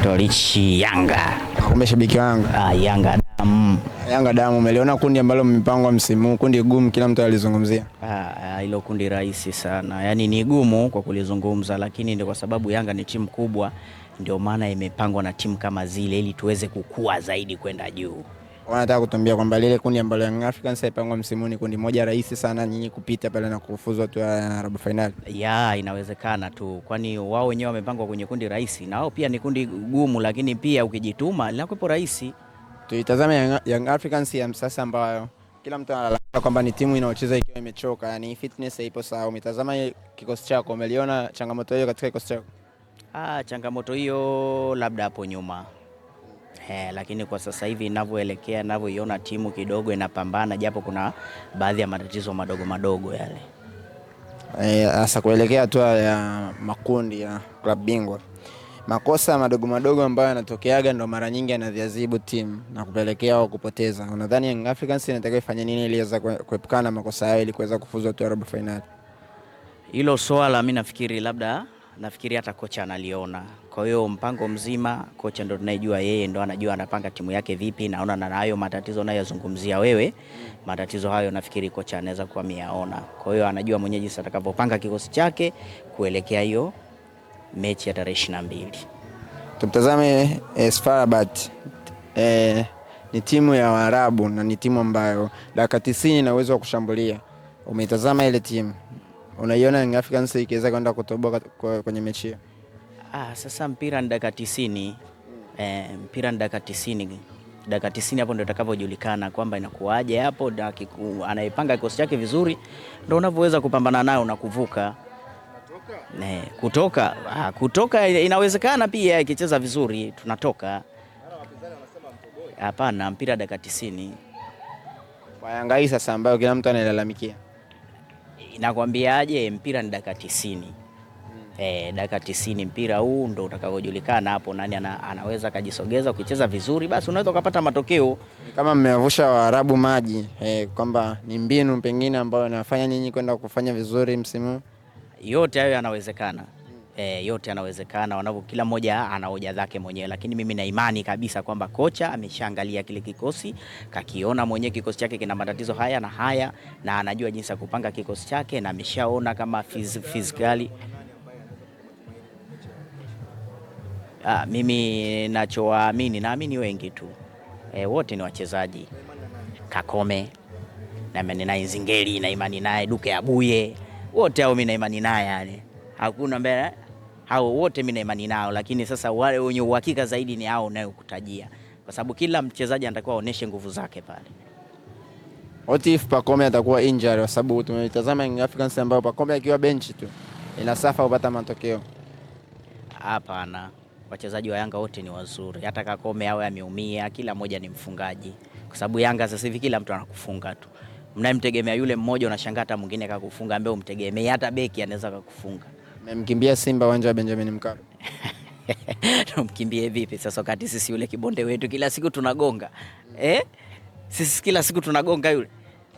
anaitwa Richi Yanga. Kumbe shabiki wangu. Ah, Yanga damu. Yanga damu, umeliona kundi ambalo mmepangwa msimu, kundi gumu, kila mtu alizungumzia. Ah, hilo kundi rahisi sana, yaani ni gumu kwa kulizungumza, lakini ndio kwa sababu Yanga ni timu kubwa, ndio maana imepangwa na timu kama zile ili tuweze kukua zaidi kwenda juu wanataka kutuambia kwamba lile kundi ambalo Young Africans haipangwa msimu ni kundi moja rahisi sana nyinyi kupita pale na kufuzu hatua ya robo finali. Ya, inawezekana tu, kwani wao wenyewe wamepangwa kwenye kundi rahisi na wao pia ni kundi gumu, lakini pia ukijituma linakuwepo rahisi. Tuitazame Young Africans ya sasa ambayo kila mtu analalamika kwamba ni timu inayocheza ikiwa imechoka, yani fitness haipo sawa. Umetazama kikosi chako, umeliona changamoto hiyo katika kikosi chako? Ah, changamoto hiyo labda hapo nyuma eh, lakini kwa sasa hivi inavyoelekea, inavyoiona timu kidogo inapambana, japo kuna baadhi ya matatizo madogo madogo yale sasa eh, kuelekea hatua ya makundi ya klabu bingwa, makosa madogo madogo ambayo yanatokeaga ndo mara nyingi yanaviazibu timu na kupelekea wao kupoteza. Unadhani Young Africans inataka ifanye nini ili iweza kuepukana na makosa hayo ili kuweza kufuzu hatua ya robo fainali? Hilo swala mimi nafikiri labda nafikiri hata kocha analiona. Kwa hiyo mpango mzima kocha ndo tunayejua, yeye ndo anajua anapanga timu yake vipi. Naona na hayo matatizo unayozungumzia wewe, matatizo hayo nafikiri kocha anaweza kuwa ameyaona. Kwa hiyo anajua mwenyeji sasa atakapopanga kikosi chake kuelekea hiyo mechi ya tarehe ishirini na mbili. Tumtazame eh, eh ni timu ya Waarabu na ni timu ambayo dakika 90 ina uwezo wa kushambulia. Umeitazama ile timu unaiona Young Africans ikiweza kwenda kutoboa kwenye mechi hiyo? Ah, sasa mpira ni dakika 90. E, eh, mpira ni dakika 90. Dakika 90 hapo ndio utakavyojulikana kwamba inakuaje hapo, anayepanga kikosi chake vizuri, ndio unavyoweza kupambana nayo na kuvuka Ne, eh, kutoka ah, kutoka inawezekana pia ikicheza vizuri tunatoka. Hapana, mpira dakika 90 kwa Yanga hii sasa ambayo kila mtu analalamikia inakwambiaje mpira ni dakika tisini. E, dakika tisini mpira huu ndo utakavyojulikana hapo nani ana, anaweza akajisogeza. Ukicheza vizuri, basi unaweza ukapata matokeo. Kama mmewavusha Waarabu maji e, kwamba ni mbinu pengine ambayo inafanya nyinyi kwenda kufanya vizuri msimu. Yote hayo yanawezekana. E, yote yanawezekana, wanavyo kila mmoja ana hoja zake mwenyewe, lakini mimi na imani kabisa kwamba kocha ameshaangalia kile kikosi, kakiona mwenyewe kikosi chake kina matatizo haya na haya, na anajua jinsi ya kupanga kikosi chake na ameshaona kama fizikali Ah, mimi nachowaamini naamini wengi tu e, wote ni wachezaji. Kakome na imani naye, Zingeli na imani naye, Duke Abuye, wote hao mimi na imani naye yani hakuna mbele hao wote mimi na imani nao, lakini sasa wale wenye uhakika zaidi ni hao nayo kutajia, kwa sababu kila mchezaji anatakiwa aoneshe nguvu zake pale. What if Pacome atakuwa injury? Kwa sababu tumetazama Young Africans ambao Pacome akiwa benchi tu ina safa kupata matokeo. Hapana, wachezaji wa Yanga wote ni wazuri, hata Kakome awe ameumia, kila mmoja ni mfungaji, kwa sababu Yanga sasa hivi kila mtu anakufunga tu, mnayemtegemea yule mmoja, unashangaa hata mwingine kakufunga ambaye umtegemea, hata beki anaweza kakufunga. Mmemkimbia Simba uwanja wa Benjamin Mkapa. Tumkimbie vipi sasa, wakati sisi yule kibonde wetu kila siku tunagonga eh? Sisi kila siku tunagonga yule.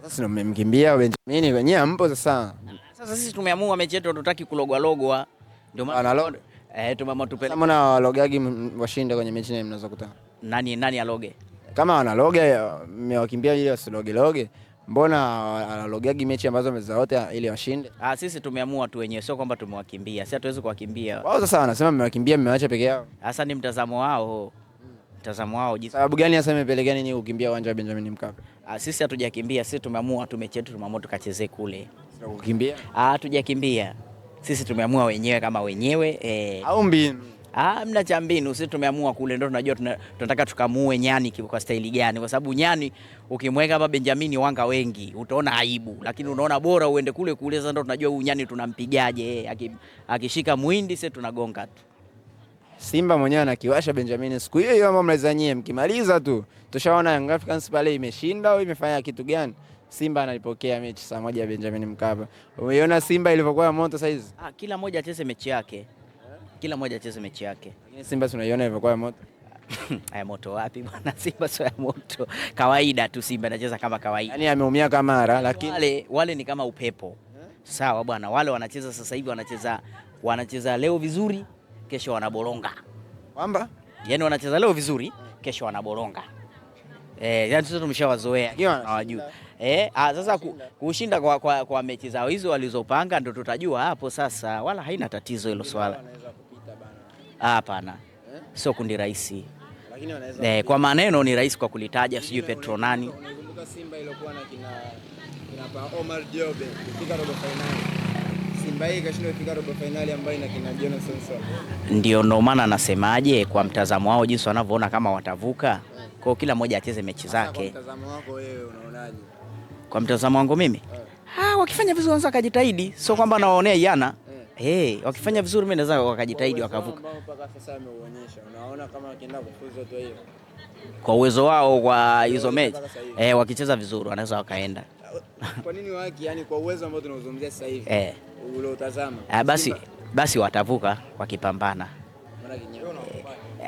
Sasa ndio mmemkimbia Benjamin, wenyewe ampo sasa. Sasa sisi tumeamua mechi yetu hatutaki kulogwa logwa. Ndio maana Eh, tumeamua tupele. Kama na walogagi washinde kwenye mechi mnazokutana. Nani nani aloge? Kama wanaloga mmewakimbia ili wasiloge loge. Mbona analogagi mechi ambazo mezaote ili washinde? Ah, sisi tumeamua tu wenyewe, sio kwamba tumewakimbia. Sisi hatuwezi kuwakimbia wao. Sasa wanasema mmewakimbia, mmewacha peke yao. Hasa ni mtazamo wao, mtazamo wao. Sababu gani hasa imepelekea nini kukimbia uwanja wa Benjamin Mkapa? Ah, sisi hatujakimbia, sisi tumeamua tu mechi yetu, tumeamua tukachezee kule. Sio kukimbia? Ah, hatujakimbia sisi, tumeamua wenyewe kama wenyewe eh. Au mbinu Ah, hamna cha mbinu, sisi tumeamua kule, ndio tunajua tunataka tukamue nyani kwa staili gani, kwa sababu nyani ukimweka hapa Benjamin wanga wengi utaona aibu, lakini unaona bora uende kule kule. Sasa ndio tunajua huyu nyani tunampigaje, eh, akishika mwindi sisi tunagonga tu. Simba mwenyewe anakiwasha Benjamin siku hiyo hiyo, ama mnazanyie mkimaliza tu. Tushaona Young Africans pale imeshinda au imefanya kitu gani? Simba analipokea mechi saa moja ya Benjamin Mkapa. Umeiona Simba ilivyokuwa moto saizi? Ah, kila moja acheze mechi yake kila mmoja acheze mechi yake. Lakini Simba tunaiona ilivyokuwa ya moto. Aya, moto wapi bwana? Simba sio ya moto, kawaida tu. Simba anacheza kama kawaida, yani ameumia Kamara, lakini wale, wale ni kama upepo. Sawa bwana, wale wanacheza sasa hivi wanacheza, wanacheza leo vizuri, kesho wanaboronga kwamba yani wanacheza leo vizuri, kesho wanaboronga eh, yani sasa tumeshawazoea hawajui eh. Ah, Sasa kushinda kwa, kwa, kwa mechi zao hizo walizopanga ndio tutajua hapo sasa, wala haina tatizo hilo swala. Hapana, sio kundi rahisi. Eh, kwa maneno ni rahisi kwa kulitaja, sijui Petro nani. Simba na kina kina Omar Diobe kufika robo finali. Simba hii kufika robo finali ambayo ina kina Jonathan Ndio ndo maana anasemaje kwa mtazamo wao jinsi wanavyoona kama watavuka. Kwa kila mmoja acheze mechi zake. Kwa mtazamo wako wewe unaonaje? Kwa mtazamo wangu mimi? Eh. Ah, wakifanya vizuri wanaweza kujitahidi. Sio kwamba nawaonea yana Hey, wakifanya vizuri mimi naweza wakajitahidi wakavuka kwa uwezo wao kwa hizo mechi eh, wakicheza vizuri wanaweza wakaenda. Kwa nini waki? Yani kwa uwezo ambao tunazungumzia sasa hivi eh, ule utazama ah, basi basi watavuka wakipambana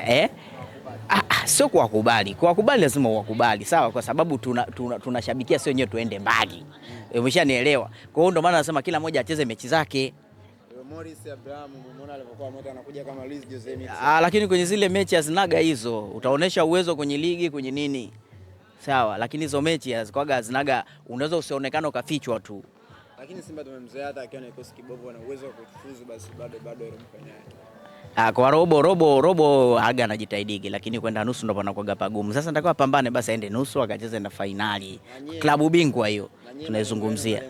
eh Ah, ah, sio kuwakubali. Kuwakubali lazima uwakubali, sawa, kwa sababu tunashabikia tuna, tuna sio wenyewe tuende mbali, mm. eh, umeshanielewa. Kwa hiyo ndio maana nasema kila mmoja acheze mechi zake. Morris Abraham umeona alivyokuwa moto anakuja kama Luis Jose Mixon. Ah, lakini kwenye zile mechi hazinaga hizo, utaonesha uwezo kwenye ligi kwenye nini sawa, lakini hizo mechi hazikwaga hazinaga, unaweza usionekana ukafichwa tu lakini Simba tumemzoea hata akiwa na kikosi kibovu na uwezo wa kufuzu basi bado bado robo ah, Kwa robo robo robo aga anajitahidigi, lakini kwenda nusu ndo panakuwaga pagumu. Sasa nataka apambane basi aende nusu akacheze na fainali, klabu bingwa hiyo tunaizungumzia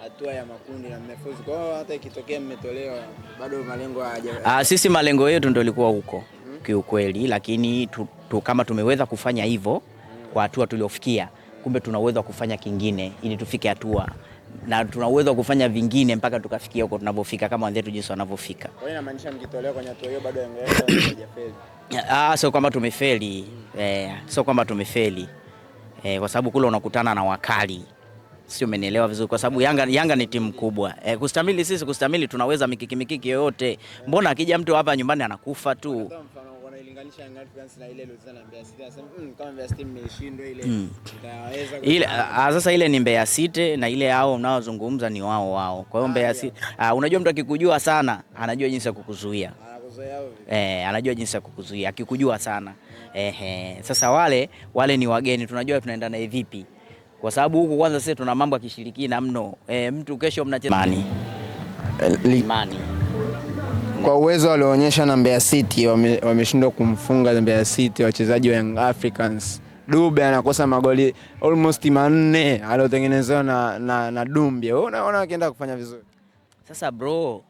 hatua ya makundi na mmefuzu. Kwa hiyo hata ikitokea mmetolewa, bado malengo Ah, Sisi malengo yetu ndio ilikuwa huko mm -hmm. kiukweli, lakini tu, tu, kama tumeweza kufanya hivyo mm -hmm. kwa hatua tuliofikia, kumbe tuna uwezo wa kufanya kingine ili tufike hatua na tuna uwezo wa kufanya vingine mpaka tukafikia huko tunapofika, kama wenzetu jinsi wanavyofika. Kwa hiyo inamaanisha mkitolewa kwenye hatua hiyo bado hamjafeli. Ah, sio kwamba tumefeli, eh, sio kwamba tumefeli, eh, kwa sababu kule unakutana na wakali sio, umenielewa vizuri, kwa sababu Yanga, Yanga ni timu kubwa e, kustamili sisi kustamili tunaweza mikiki mikiki yoyote. Mbona akija mtu hapa nyumbani anakufa tu sasa ile ni Mbeya City na ile hao mnaozungumza ni wao wao. Kwa hiyo ah, Mbeya City, ah, unajua mtu akikujua sana anajua jinsi ya kukuzuia eh, anajua jinsi ya kukuzuia akikujua sana eh, eh. Sasa wale wale ni wageni, tunajua tunaenda naye vipi kwa sababu huku kwanza sisi tuna mambo ya kishirikina mno. E, mtu kesho mnacheza imani. E, imani. Kwa uwezo walioonyesha na Mbeya City wameshindwa wame kumfunga Mbeya City wachezaji wa Young Africans. Dube anakosa magoli almost manne aliotengenezewa na, na, na Dumbia. Wewe unaona akienda kufanya vizuri sasa bro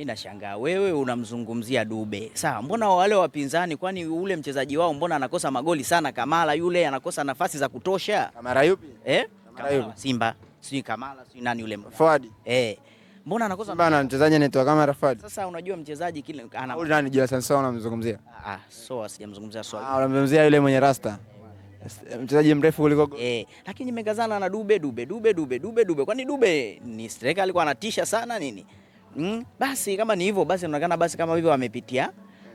mimi nashangaa wewe unamzungumzia Dube. Sawa, mbona wale wapinzani kwani ule mchezaji wao mbona anakosa magoli sana Kamala yule anakosa nafasi za kutosha? Kamara yupi? Eh? Kamara yupi? Simba. Sio Kamala, sio nani yule Fadi. Eh. Mbona anakosa bana mchezaji anaitwa Kamara Fadi. Sasa unajua mchezaji kile ana Ule nani jina sasa sana unamzungumzia? Ah, so sijamzungumzia swali. Ah, unamzungumzia yule mwenye rasta. Mchezaji mrefu kuliko eh, lakini nimegazana na Dube Dube Dube Dube Dube Dube. Kwani Dube ni striker alikuwa anatisha sana nini? Mm, basi kama ni hivyo basi inaonekana basi kama hivyo wamepitia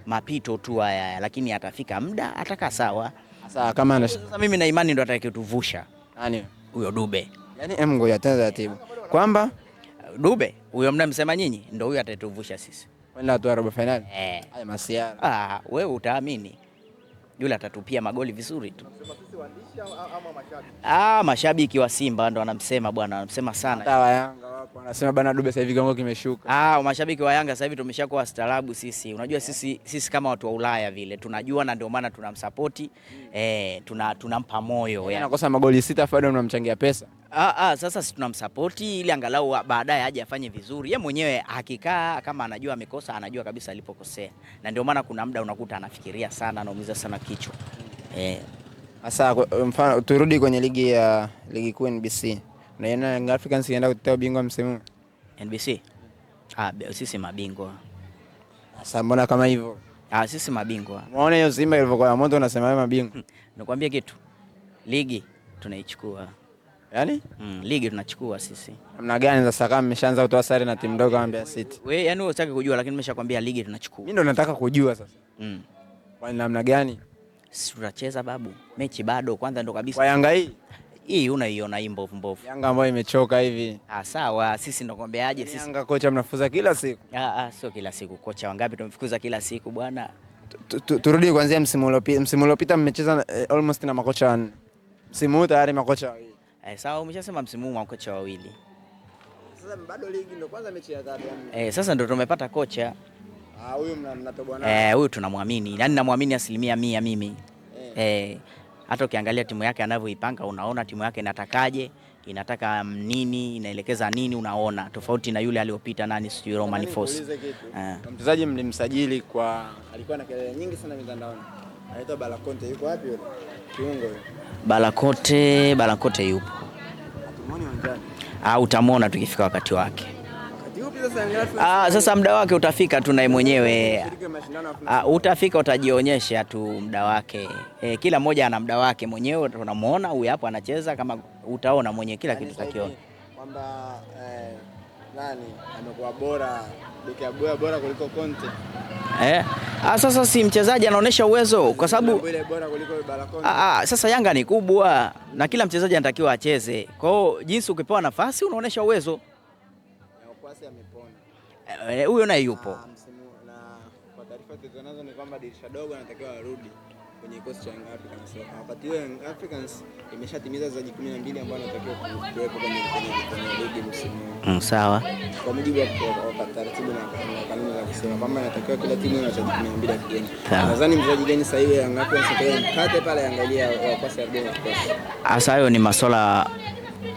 mapito tu haya, lakini atafika muda atakaa sawa. Sasa kama ana Sasa mimi na imani ndo atakayetuvusha. Nani? Huyo Dube. Yaani em ngoja taratibu. Kwamba Dube huyo mnamsema nyinyi ndo huyo atatuvusha sisi. Kwenda tu robo finali. Eh. Haya masiara. Ah, wewe utaamini. Yule atatupia magoli vizuri tu. Ah, mashabiki wa Simba ndo anamsema bwana, anamsema sana. Sawa Yanga. Wanasema bana Dube sasa hivi kiwango kimeshuka. Ah, mashabiki wa Yanga sasa hivi tumeshakuwa staarabu sisi. Unajua sisi, sisi kama watu wa Ulaya vile tunajua na ndio maana tunamsapoti eh, tuna tunampa moyo. Yeye yaani anakosa magoli sita bado tunamchangia pesa. Ah, ah, sasa si tunamsapoti ili angalau baadaye aje afanye vizuri. Yeye mwenyewe akikaa kama anajua amekosa, anajua kabisa alipokosea. Na ndio maana kuna muda unakuta anafikiria sana, anaumiza sana kichwa. Eh. Sasa mfano turudi kwenye ligi ya ligi kuu NBC. Naiona Young Africans inaenda kutoa ubingwa msimu NBC. Ah, sisi mabingwa. Sasa mbona kama hivyo? Ah, sisi mabingwa. Unaona hiyo Simba ilivyokuwa na moto unasema wewe mabingwa. Hmm, Nakwambia kitu. Ligi tunaichukua. Yaani? Mm, ligi tunachukua sisi. Namna gani sasa kama mmeshaanza kutoa sare na timu ndogo kama City? Yaani wewe yani wewe unataka kujua lakini nimeshakwambia ligi tunachukua. Mimi ndo nataka kujua sasa. Mm. Kwa namna gani? Sisi tutacheza babu. Mechi bado kwanza ndo kabisa. Kwa Yanga hii? hii unaiona hii mbovu mbovu. Yanga ambayo imechoka hivi. Ah, sawa, sisi ndo kwambiaje yaani sisi. Yanga kocha mnafukuza kila siku. Ah, ah, sio kila siku kocha wangapi tumefukuza kila siku bwana. Turudi kuanzia msimu uliopita. Msimu uliopita mmecheza eh, almost na makocha wanne. Msimu huu tayari makocha wawili. Eh, sawa, umeshasema msimu huu makocha wawili. Sasa bado ligi ndo kwanza mechi ya tatu. Yaani. Eh, sasa ndo tumepata kocha. Ah, huyu naye. Eh, huyu tunamwamini. Yaani namwamini asilimia mia mimi. Eh. eh hata ukiangalia timu yake anavyoipanga, unaona timu yake inatakaje, inataka nini, inaelekeza nini, unaona tofauti na yule aliyopita nani, sijui Roman Force. Eh. Mchezaji mlimsajili kwa alikuwa na kelele nyingi sana mitandaoni, anaitwa Balakonte. Yuko wapi yule kiungo yule? Balakonte Balakote yupo, ah, utamwona tukifika wakati wake. Ah, sasa muda wake utafika tu naye mwenyewe. Ah, utafika utajionyesha tu muda wake. Eh, kila mmoja ana muda wake mwenyewe, unamwona huyu hapo anacheza kama utaona mwenyewe kila kitu takiona. Yaani kwamba eh, nani amekuwa bora, bora bora kuliko Conte. Eh, ah, sasa si mchezaji anaonyesha uwezo kwa sababu ah, ah, sasa Yanga ni kubwa na kila mchezaji anatakiwa acheze. Kwa hiyo jinsi ukipewa nafasi unaonyesha uwezo. Eh, eh, huyo naye yupo. Ah, kwa taarifa tulizonazo ni kwamba dirisha dogo anatakiwa arudi kwenye kikosi cha Young Africans. Wakati huo Young Africans imeshatimiza ambao kuwepo kwenye ligi msimu mm, Sawa. Kwa mujibu wa taratibu na kanuni za kusema kwamba inatakiwa kila timu wachezaji kigeni. Nadhani mchezaji gani sahihi wa Young Africans mkate pale angalia wakosi Hasa hayo ni masuala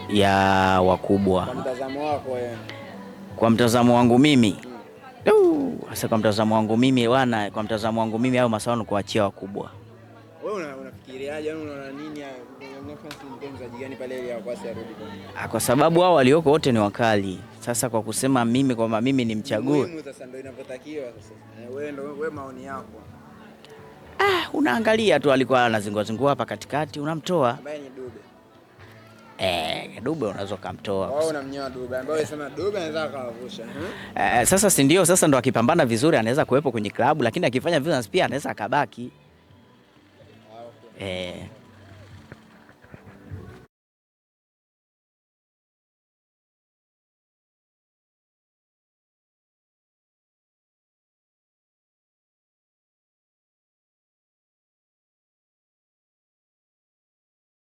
ya wakubwa. Kwa mtazamo wako wewe kwa mtazamo wangu mimi sasa, kwa mtazamo wangu mimi wana, kwa mtazamo wangu mimi au masawano kuachia wakubwa. Yaani ah, kwa sababu hao walioko wote ni wakali. Sasa kwa kusema mimi kwamba mimi ni mchague, eh, ah, unaangalia tu alikuwa anazingua zingua hapa katikati, unamtoa Eh, Dube unaweza ukamtoa. Wao Dube ambao Dube anaweza eh? eh, sasa si ndio sasa ndo akipambana vizuri anaweza kuwepo kwenye klabu lakini akifanya vizuri pia anaweza akabaki. Eh.